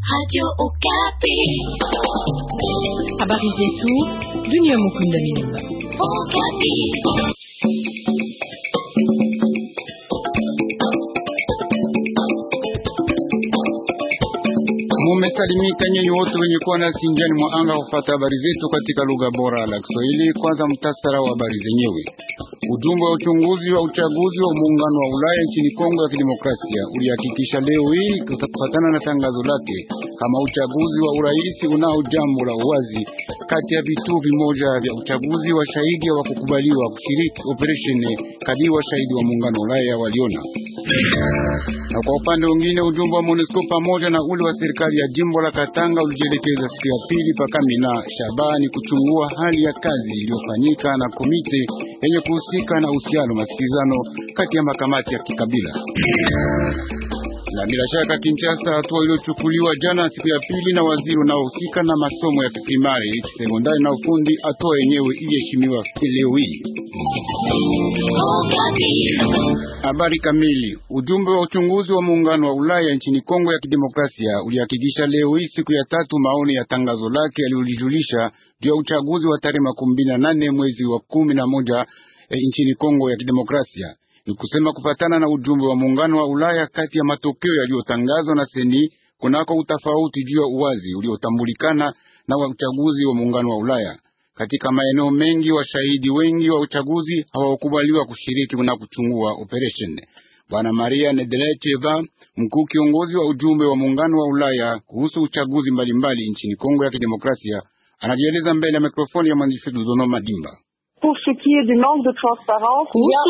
Radio Okapi. Habari zetu dunia mukunda minimba. Okapi. Mumesalimika nyinyi wote wenye kuwa nasi njiani mwa anga kufata habari zetu katika lugha bora la Kiswahili. Kwanza mtasara wa habari zenyewe. Ujumbe wa uchunguzi wa uchaguzi wa muungano wa Ulaya nchini Kongo ya Kidemokrasia ulihakikisha leo hii kufatana na tangazo lake kama uchaguzi wa urais unao jambo la uwazi kati ya vituo vimoja vya uchaguzi wa shahidi wa kukubaliwa kushiriki operesheni kadi wa shahidi wa muungano wa Ulaya waliona na kwa upande mwingine, ujumbe wa MONUSCO pamoja na ule wa serikali ya jimbo la Katanga ulijielekeza siku ya pili pakamina Shabani kuchungua hali ya kazi iliyofanyika na komite yenye kuhusika na uhusiano masikizano kati ya makamati ya kikabila. Na bila shaka Kinshasa, hatua iliyochukuliwa jana siku ya pili na waziri unaohusika na masomo ya kiprimari sekondari na ufundi, hatua yenyewe iheshimiwa leo hii. Habari kamili. Ujumbe wa uchunguzi wa muungano wa Ulaya nchini Kongo ya Kidemokrasia ulihakikisha leo hii siku ya tatu maoni ya tangazo lake yaliyolijulisha juu ya uchaguzi wa tarehe makumi mbili na nane mwezi wa kumi na moja e, nchini Kongo ya Kidemokrasia. Ni kusema kufatana na ujumbe wa muungano wa Ulaya, kati ya matokeo yaliyotangazwa na seni kunako utafauti juu ya uwazi uliotambulikana na wa uchaguzi wa muungano wa Ulaya. Katika maeneo mengi, washahidi wengi wa uchaguzi hawakubaliwa kushiriki na kuchungua operation. Bwana Maria Nedelcheva, mkuu kiongozi wa ujumbe wa muungano wa Ulaya kuhusu uchaguzi mbalimbali mbali nchini Kongo ya Kidemokrasia, anajieleza mbele ya mikrofoni ya mwandishi Dudonoma Madimba. Kuhusu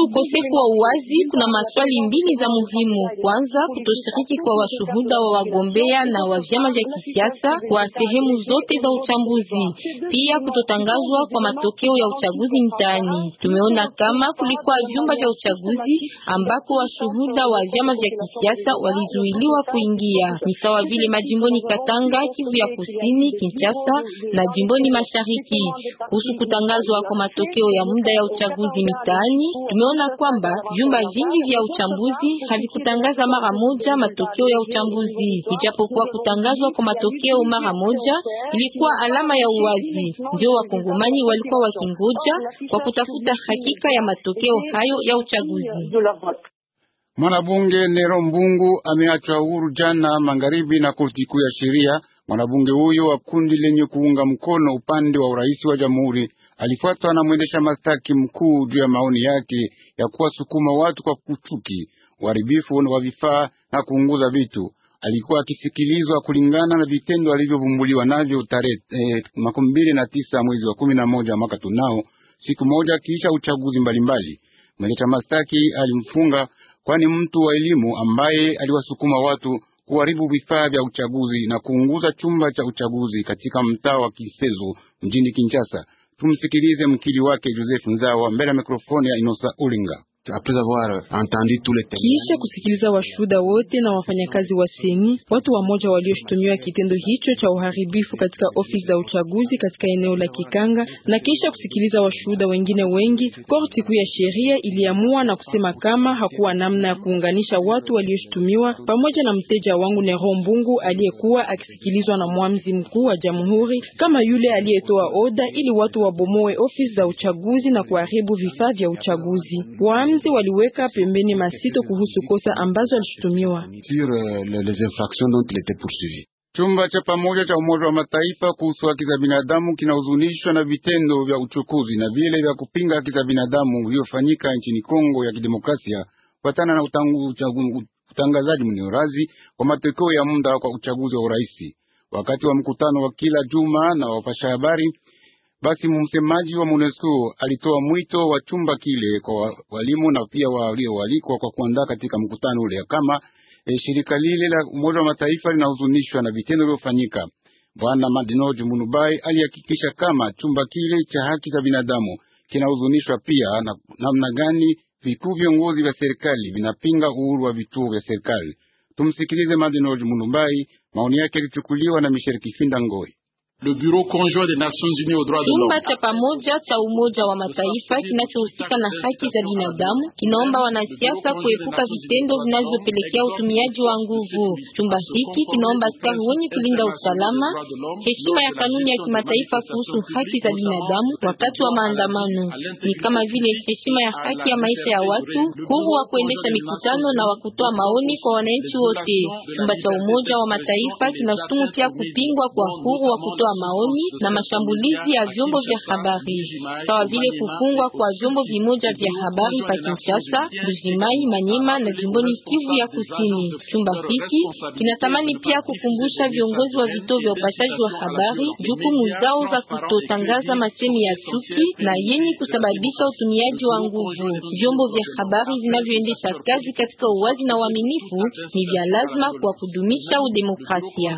ukosefu wa uwazi, kuna maswali mbili za muhimu. Kwanza, kutoshiriki kwa washuhuda wa wagombea na wa vyama vya kisiasa kwa sehemu zote za uchambuzi, pia kutotangazwa kwa matokeo ya uchaguzi mtaani. Tumeona kama kulikuwa vyumba vya uchaguzi ambako washuhuda wa vyama vya kisiasa walizuiliwa kuingia, ni sawa vile majimboni Katanga, Kivu ya Kusini, Kinshasa na jimboni Mashariki. Kuhusu kutangazwa kwa matokeo matokeo ya muda ya uchaguzi mitaani, tumeona kwamba vyumba vingi vya uchambuzi havikutangaza mara moja matokeo ya uchambuzi, ijapokuwa kutangazwa kwa matokeo mara moja ilikuwa alama ya uwazi. Ndio wakongomani walikuwa wakingoja kwa kutafuta hakika ya matokeo hayo ya uchaguzi. Mwanabunge Nero Mbungu ameachwa huru jana magharibi na korti kuu ya sheria Mwanabunge huyo wa kundi lenye kuunga mkono upande wa urais wa jamhuri alifuatwa na mwendesha mashtaki mkuu juu ya maoni yake ya kuwasukuma watu kwa kuchuki, uharibifu wa vifaa na kuunguza vitu. Alikuwa akisikilizwa kulingana na vitendo alivyovumbuliwa navyo tarehe eh, makumi mbili na tisa mwezi wa kumi na moja mwaka tunao, siku moja kisha uchaguzi mbalimbali. Mwendesha mashtaki alimfunga kwani mtu wa elimu ambaye aliwasukuma watu kuharibu vifaa vya uchaguzi na kuunguza chumba cha uchaguzi katika mtaa wa Kisezo mjini Kinshasa. Tumsikilize mkili wake Joseph Nzawa mbele ya mikrofoni ya Inosa Ulinga avoir entendu Kisha kusikiliza washuhuda wote na wafanyakazi wa seni, watu wamoja walioshutumiwa kitendo hicho cha uharibifu katika ofisi za uchaguzi katika eneo la Kikanga, na kisha kusikiliza washuhuda wengine wengi, korti kuu ya sheria iliamua na kusema kama hakuwa namna ya kuunganisha watu walioshutumiwa pamoja na mteja wangu Nero Mbungu aliyekuwa akisikilizwa na mwamzi mkuu wa jamhuri kama yule aliyetoa oda ili watu wabomoe ofisi za uchaguzi na kuharibu vifaa vya uchaguzi Wan wanafunzi waliweka pembeni masito kuhusu kosa ambazo alishutumiwa. Euh, Chumba cha pamoja cha Umoja wa Mataifa kuhusu haki za binadamu kinahuzunishwa na vitendo vya uchukuzi na vile vya kupinga haki za binadamu vilivyofanyika nchini Kongo ya Kidemokrasia kufuatana na utangazaji mneorazi wa matokeo ya muda kwa uchaguzi wa urais. Wakati wa mkutano wa kila juma na wapasha habari basi msemaji wa MONUSCO alitoa mwito wa chumba kile kwa walimu na pia walioalikwa kwa kuandaa katika mkutano ule, kama e, shirika lile la Umoja wa Mataifa linahuzunishwa na vitendo vilivyofanyika. Bwana Madinoj Munubai alihakikisha kama chumba kile cha haki za binadamu kinahuzunishwa pia na namna gani vikuu viongozi vya serikali vinapinga uhuru wa vituo vya serikali. Tumsikilize Madinoj Munubai, maoni yake yalichukuliwa na Misheri Kifinda Ngoi. Chumba cha pamoja cha Umoja wa Mataifa kinachohusika na haki za binadamu kinaomba wanasiasa kuepuka vitendo vinavyopelekea utumiaji wa nguvu. Chumba hiki kinaomba askari wenye kulinda usalama heshima ya kanuni ya kimataifa kuhusu haki za binadamu wakati wa maandamano, ni kama vile heshima ya haki ya maisha ya watu, huru wa kuendesha mikutano na wa kutoa maoni kwa wananchi wote. Chumba cha Umoja wa Mataifa kinashutumu pia kupingwa kwa huru wa kutoa wa maoni na mashambulizi ya vyombo vya habari sawa vile kufungwa kwa vyombo vimoja vya habari pa Kinshasa, Bujimai, Manyema na jimboni Kivu ya Kusini. Chumba hiki kinatamani pia kukumbusha viongozi wa vituo vya upashaji wa habari jukumu zao za kutotangaza masemi ya chuki na yenye kusababisha utumiaji wa nguvu. Vyombo vya habari vinavyoendesha kazi katika uwazi na uaminifu ni vya lazima kwa kudumisha udemokrasia.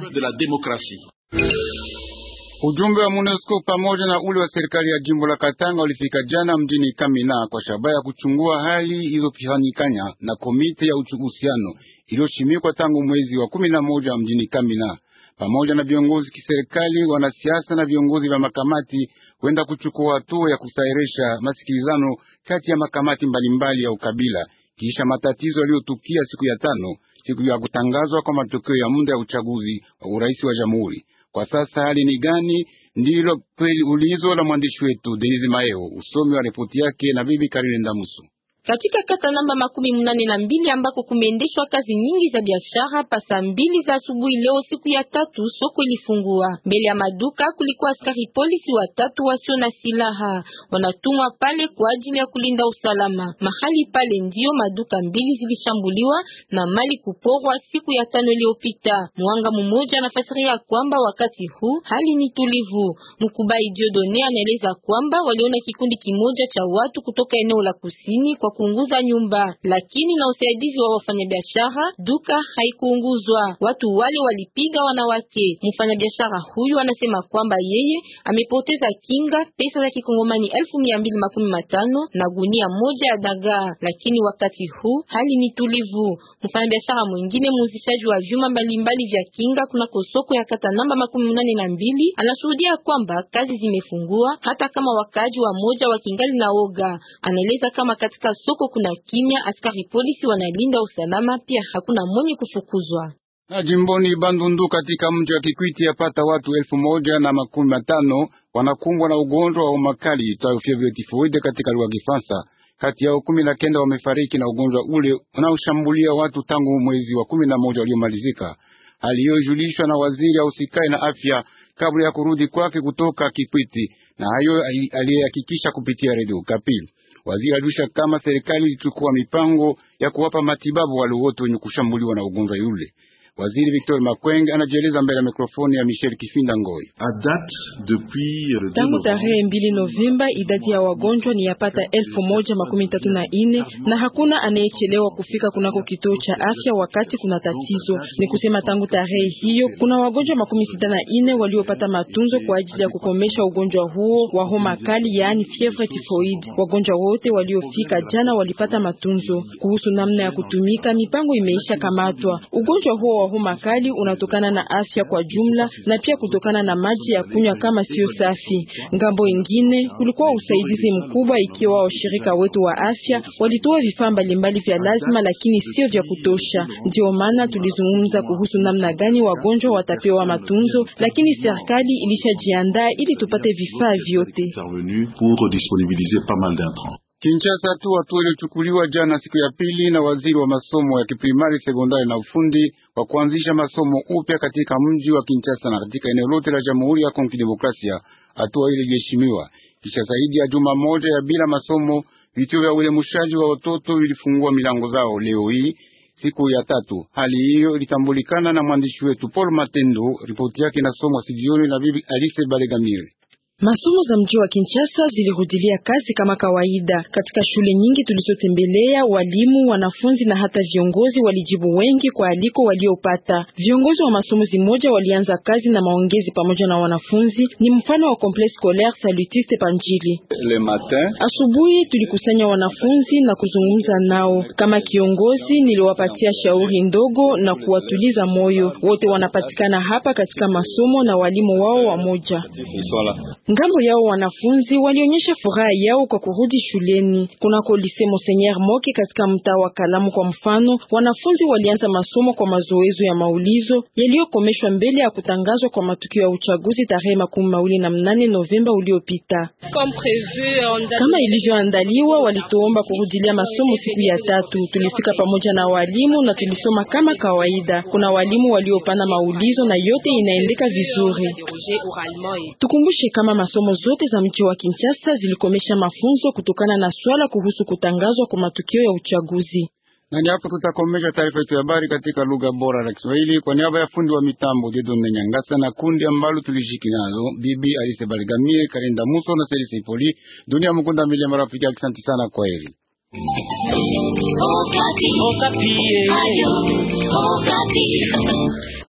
Ujumbe wa MONUSCO pamoja na ule wa serikali ya jimbo la Katanga ulifika jana mjini Kamina kwa shabaha ya kuchungua hali iliyofanyikana na komite ya uhusiano iliyoshimikwa tangu mwezi wa kumi na moja mjini Kamina pamoja na viongozi kiserikali, wanasiasa na viongozi vya makamati kwenda kuchukua hatua ya kusairisha masikilizano kati ya makamati mbalimbali ya ukabila kisha matatizo yaliyotukia siku ya tano, siku ya kutangazwa kwa matokeo ya muda ya uchaguzi wa urais wa jamhuri. Kwa sasa hali ni gani? Ndilo ulizo la mwandishi wetu Denise Maeo. Usomi wa ripoti yake na bibi Karine Ndamusu katika kata namba makumi mnane na mbili ambako kumeendeshwa kazi nyingi za biashara. Pasa mbili za asubuhi leo, siku ya tatu, soko ilifungua. Mbele ya maduka kulikuwa askari polisi watatu wasio na silaha, wanatumwa pale kwa ajili ya kulinda usalama mahali pale. Ndiyo maduka mbili zilishambuliwa na mali kuporwa siku ya tano iliyopita. Mwanga mmoja anafasiria kwamba wakati huu hali ni tulivu. Mkubai Diodone anaeleza kwamba waliona kikundi kimoja cha watu kutoka eneo la kusini kwa kuunguza nyumba, lakini na usaidizi wa wafanyabiashara duka haikuunguzwa. Watu wale walipiga wanawake. Mfanyabiashara huyu anasema kwamba yeye amepoteza kinga pesa za kikongomani elfu mia mbili makumi matano na gunia moja ya dagaa, lakini wakati huu hali ni tulivu. Mfanyabiashara mwingine muuzishaji wa vyuma mbalimbali vya kinga kunako soko ya kata namba makumi nane na mbili anashuhudia kwamba kazi zimefungua hata kama wakaaji wa moja wakingali na oga. Anaeleza kama katika soko kuna kimya, askari polisi wanalinda usalama, pia hakuna mwenye kufukuzwa. Na jimboni Bandundu katika mji wa Kikwiti yapata watu elfu moja na makumi matano wanakumbwa na ugonjwa wa umakali itwayo fievre tifoide katika lugha ya Kifaransa. Kati yao kumi na kenda wamefariki na ugonjwa ule unaoshambulia watu tangu mwezi wa kumi na moja uliomalizika. Hali hiyo ilijulishwa na waziri usikai na afya kabla ya kurudi kwake kutoka Kikwiti, na hayo aliyehakikisha kupitia redio Kapili. Waziri alijulisha kama serikali ilichukua mipango ya kuwapa matibabu wale wote wenye kushambuliwa na ugonjwa yule. Waziri Victor Makwenge anajieleza mbele ya mikrofoni ya Michel Kifinda Ngoi. Tangu tarehe mbili Novemba idadi ya wagonjwa ni yapata elfu moja makumi tatu na ine na hakuna anayechelewa kufika kunako kituo cha afya wakati kuna tatizo. Ni kusema tangu tarehe hiyo kuna wagonjwa makumi sita na ine waliopata matunzo kwa ajili ya kukomesha ugonjwa huo wa homa kali, yaani fievre typhoid. Wagonjwa wote waliofika jana walipata matunzo. Kuhusu namna ya kutumika, mipango imeisha kamatwa. Ugonjwa huo wa homa kali unatokana na afya kwa jumla na pia kutokana na maji ya kunywa kama sio safi. Ngambo ingine kulikuwa usaidizi mkubwa, ikiwa washirika wetu wa afya walitoa vifaa mbalimbali vya lazima, lakini sio vya kutosha. Ndio maana tulizungumza kuhusu namna gani wagonjwa watapewa matunzo, lakini serikali ilishajiandaa ili tupate vifaa vyote. Kinshasa tu hatua iliyochukuliwa jana siku ya pili na waziri wa masomo ya kiprimari, sekondari na ufundi wa kuanzisha masomo upya katika mji wa Kinshasa na katika eneo lote la Jamhuri ya Kongo Demokrasia. Hatua ile iliheshimiwa kisha zaidi ya juma moja ya bila masomo. Vituo vya uelimishaji wa watoto vilifungua milango zao leo hii siku ya tatu. Hali hiyo ilitambulikana na mwandishi wetu Paul Matendo, ripoti yake inasomwa sijioni na bibi Alice Balegamire. Masomo za mji wa Kinshasa zilirudilia kazi kama kawaida. Katika shule nyingi tulizotembelea, walimu, wanafunzi na hata viongozi walijibu wengi kwa aliko waliopata. Viongozi wa masomo zimoja walianza kazi na maongezi pamoja na wanafunzi. Ni mfano wa Complexe Scolaire Salutiste Panjili. Le matin, asubuhi tulikusanya wanafunzi na kuzungumza nao. Kama kiongozi, niliwapatia shauri ndogo na kuwatuliza moyo. Wote wanapatikana hapa katika masomo na walimu wao wamoja Ngambo yao wanafunzi walionyesha furaha yao kwa kurudi shuleni. Kunako lise Monseigneur Moke katika mtaa wa Kalamu kwa mfano, wanafunzi walianza masomo kwa mazoezo ya maulizo yaliyokomeshwa mbele ya kutangazwa kwa matukio ya uchaguzi tarehe makumi mawili na mnane Novemba uliopita. Kama ilivyoandaliwa, walituomba kurudilia masomo siku ya tatu. Tulifika pamoja na walimu na tulisoma kama kawaida. Kuna walimu waliopana maulizo na yote inaendeka vizuri. Tukumbushe kama masomo zote za mji wa Kinshasa zilikomesha mafunzo kutokana na swala kuhusu kutangazwa kwa matukio ya uchaguzi. Na ni hapo tutakomesha taarifa yetu ya habari katika lugha bora la Kiswahili kwa niaba ya fundi wa mitambo Dieudonne Nyangasa na kundi ambalo tulishiki nazo Bibi Alice Barigamie, Karinda Muso na Serisi Ipoli. Dunia Mkunda Milia, marafiki, asante sana, kwa heri. Okapi. Okapi.